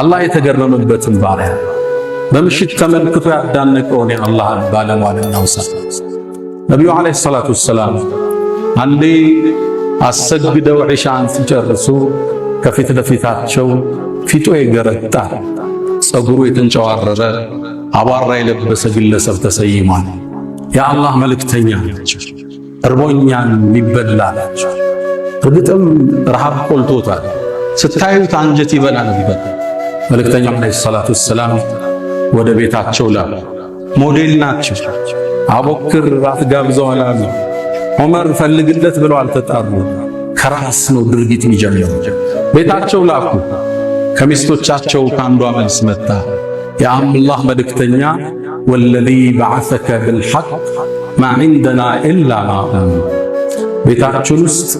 አላህ የተገረመበትን ባሪያ በምሽት ተመልክቶ ያዳነቀውን የአላህን ባለሟል እናውሳ። ነቢዩ ዓለይሂ ሰላቱ ወሰላም አንዴ አሰግደው ዒሻን ሲጨርሱ ከፊት ለፊታቸው ፊቱ የገረጣ ጸጉሩ የተንጨዋረረ አቧራ የለበሰ ግለሰብ ተሰይሟል። የአላህ መልእክተኛ ናቸው፣ እርቦኛን የሚበላ ናቸው። እርግጥም ረሃብ ቆልቶታል። ስታዩት አንጀት ይበላ ነበር። መልእክተኛው ዓለይሂ ሰላቱ ወሰላም ወደ ቤታቸው ላሉ። ሞዴል ናቸው። አቦክር ራት ጋብዘው አላሉ። ዑመር ፈልግለት ብለው አልተጣሩ። ከራስ ነው ድርጊት የሚጀምረው። ቤታቸው ላኩ። ከሚስቶቻቸው ከአንዷ መልስ መጣ። የአምላህ መልእክተኛ ወለዚ በዓሰከ ብልሐቅ ማ ዒንደና ኢላ ማ ቤታችን ውስጥ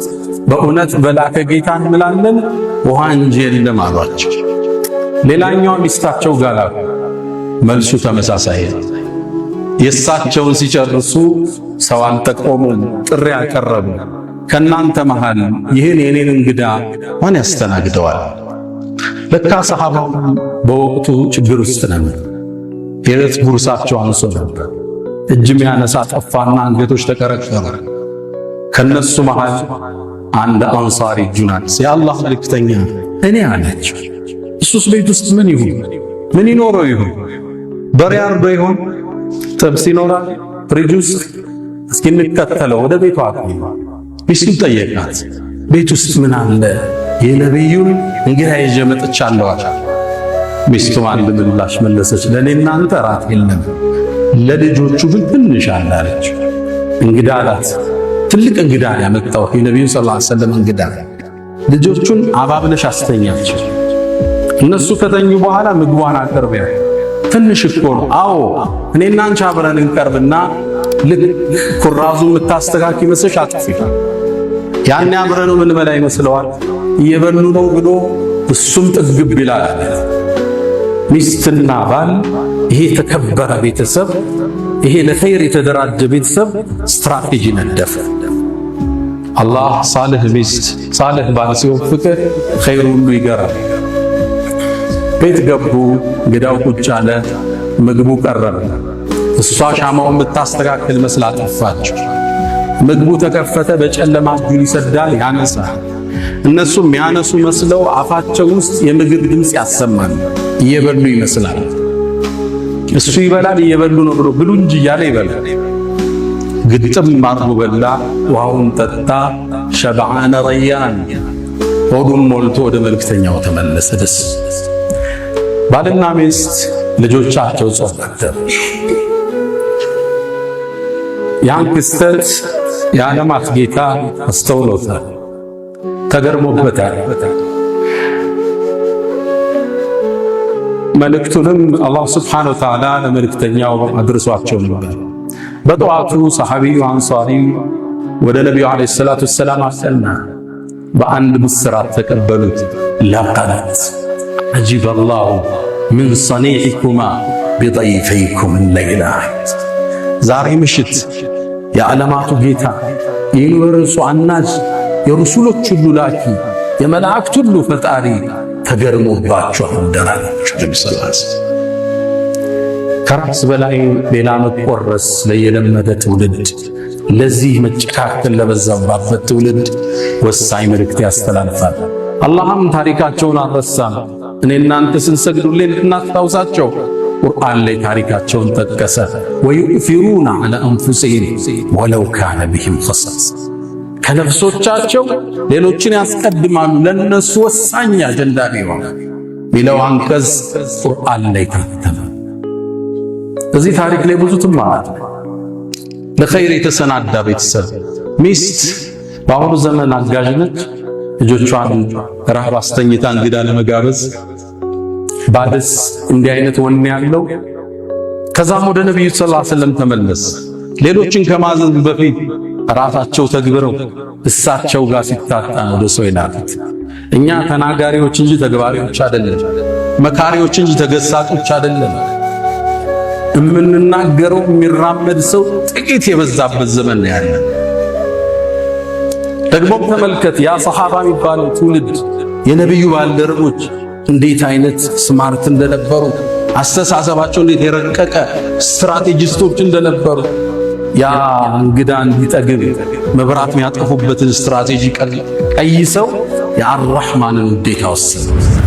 በእውነት በላከ ጌታ እንምላለን ውሃ እንጂ የለም አሏቸው። ሌላኛው ሚስታቸው ጋር መልሱ ተመሳሳይ የእሳቸውን ሲጨርሱ ሰው አንጠቆሙ፣ ጥሪ አቀረቡ። ከእናንተ መሃል ይህን የኔን እንግዳ ማን ያስተናግደዋል? ለካ ሰሃባው በወቅቱ ችግር ውስጥ ነበር። የዕለት ጉርሳቸው አንሶ ነበር። እጅም ያነሳ ጠፋና አንገቶች ተቀረቀሩ ከነሱ መሃል አንድ አንሳሪ እጁን አንስ፣ የአላህ እኔ አላቸው እሱስ ቤት ውስጥ ምን ይሁን? ምን ይኖረው ይሁን? በሬ አርዶ ይሁን? ጥብስ ይኖራል? ፍሪጅ እስኪ እንከተለው። ወደ ቤቷ አቅም ሚስቱን ጠየቃት። ቤት ውስጥ ምን አለ? የነቢዩን እንግዳ ይዤ መጥቻለሁ። ሚስቱም አንድ ምላሽ መለሰች። ለእኔ እናንተ ራት የለም፣ ለልጆቹ ግን ትንሽ አለ አለች። እንግዳ አላት። ትልቅ እንግዳ ያመጣው የነቢዩ ሰለላሁ ዐለይሂ ወሰለም እንግዳ። ልጆቹን አባብለሽ አስተኛቸው እነሱ ከተኙ በኋላ ምግቧን አቅርቢያ። ትንሽ እኮ ነው። አዎ እኔ እና አንቺ አብረን እንቀርብና ልክ ኩራዙ የምታስተካክ ይመስልሽ አጥፊ ያኔ አብረን ምን ምንበላ ይመስለዋል። እየበሉ ነው ብሎ እሱም ጥግብ ይላል። ሚስትና ባል ይሄ የተከበረ ቤተሰብ ይሄ ለኸይር የተደራጀ ቤተሰብ ስትራቴጂ ነደፈ። አላህ ሳልህ ሚስት ሳልህ ባል ሲወፍቅህ ኸይሩ ሁሉ ይገራል። ቤት ገቡ። እንግዳው ቁጭ አለ። ምግቡ ቀረበ። እሷ ሻማውን ብታስተካክል መስላ ጠፋቸው ምግቡ ተከፈተ። በጨለማ እጁን ይሰዳል፣ ያነሳል። እነሱም ያነሱ መስለው አፋቸው ውስጥ የምግብ ድምፅ ያሰማል። እየበሉ ይመስላል። እሱ ይበላል። እየበሉ ነው ብሎ ብሉ እንጂ እያለ ይበላል። ግጥም አድርጎ በላ። ውሃውን ጠጣ። ሸብዓነ ረያን ሆዱም ሞልቶ ወደ መልክተኛው ተመለሰ። ደስ ባልና ሚስት ልጆቻቸው ጾም ነበር። ያን ክስተት የዓለማት ጌታ አስተውሎታል፣ ተገርሞበታል። መልእክቱንም አላህ ስብሓነ ወተዓላ ለመልእክተኛው አድርሷቸው ነበር። በጠዋቱ ሰሓቢዩ አንሳሪው ወደ ነቢዩ ዓለይሂ ሰላቱ ወሰላም አሰና በአንድ ምስራት ተቀበሉት ላቃናት አጂብ አላሁ ምን ሰኒዒኩማ ቢጠይፈይኩም ለይላ። ዛሬ ምሽት የዓለማቱ ጌታ የዩኒቨርሱ አናጅ የሩሱሎች ሁሉ ላኪ የመላእክት ሁሉ ፈጣሪ ተገርሞባቸው አደራላችሁ። ለምሳሌ ከራስ በላይ ሌላ መቆረስ ለየለመደ ትውልድ ለዚህ መጨካከል ለበዛባበት ትውልድ ወሳኝ መልእክት ያስተላልፋል። አላህም ታሪካቸውን አልረሳም። እኔ እናንተ ስንሰግዱልን እናስታውሳቸው። ቁርአን ላይ ታሪካቸውን ጠቀሰ። ወዩእፊሩና አላ አንፉሲሂም ወለው ካነ ቢሂም ኸሳሳ ከነፍሶቻቸው ሌሎችን ያስቀድማሉ። ለነሱ ወሳኝ አጀንዳ ነው ሚለው አንቀጽ ቁርአን ላይ ታተመ። እዚህ ታሪክ ላይ ብዙ ትማራለህ። ለኸይር የተሰናዳ ቤተሰብ ሚስት በአሁኑ ዘመን አጋዥ ነች። ልጆቿን ረሃብ አስተኝታ እንግዳ ለመጋበዝ ባደስ እንዲህ አይነት ወኔ ያለው ከዛም ወደ ነብዩ ሰለላሁ ዐለይሂ ወሰለም ተመለስ። ሌሎችን ከማዘዝ በፊት ራሳቸው ተግብረው እሳቸው ጋር ሲታጣ ወደ ሰው ይላሉት። እኛ ተናጋሪዎች እንጂ ተግባሪዎች አይደለም፣ መካሪዎች እንጂ ተገሳጮች አይደለም። እምንናገረው የሚራመድ ሰው ጥቂት የበዛበት ዘመን ነው ያለን። ደግሞም ተመልከት ያ ሰሃባ የሚባለው ትውልድ የነቢዩ ባልደረቦች እንዴት አይነት ስማርት እንደነበሩ፣ አስተሳሰባቸው እንዴት የረቀቀ ስትራቴጂስቶች እንደነበሩ ያ እንግዳ እንዲጠግብ መብራት የሚያጠፉበትን ስትራቴጂ ቀይሰው የአራህማንን ውዴታ ወሰኑ።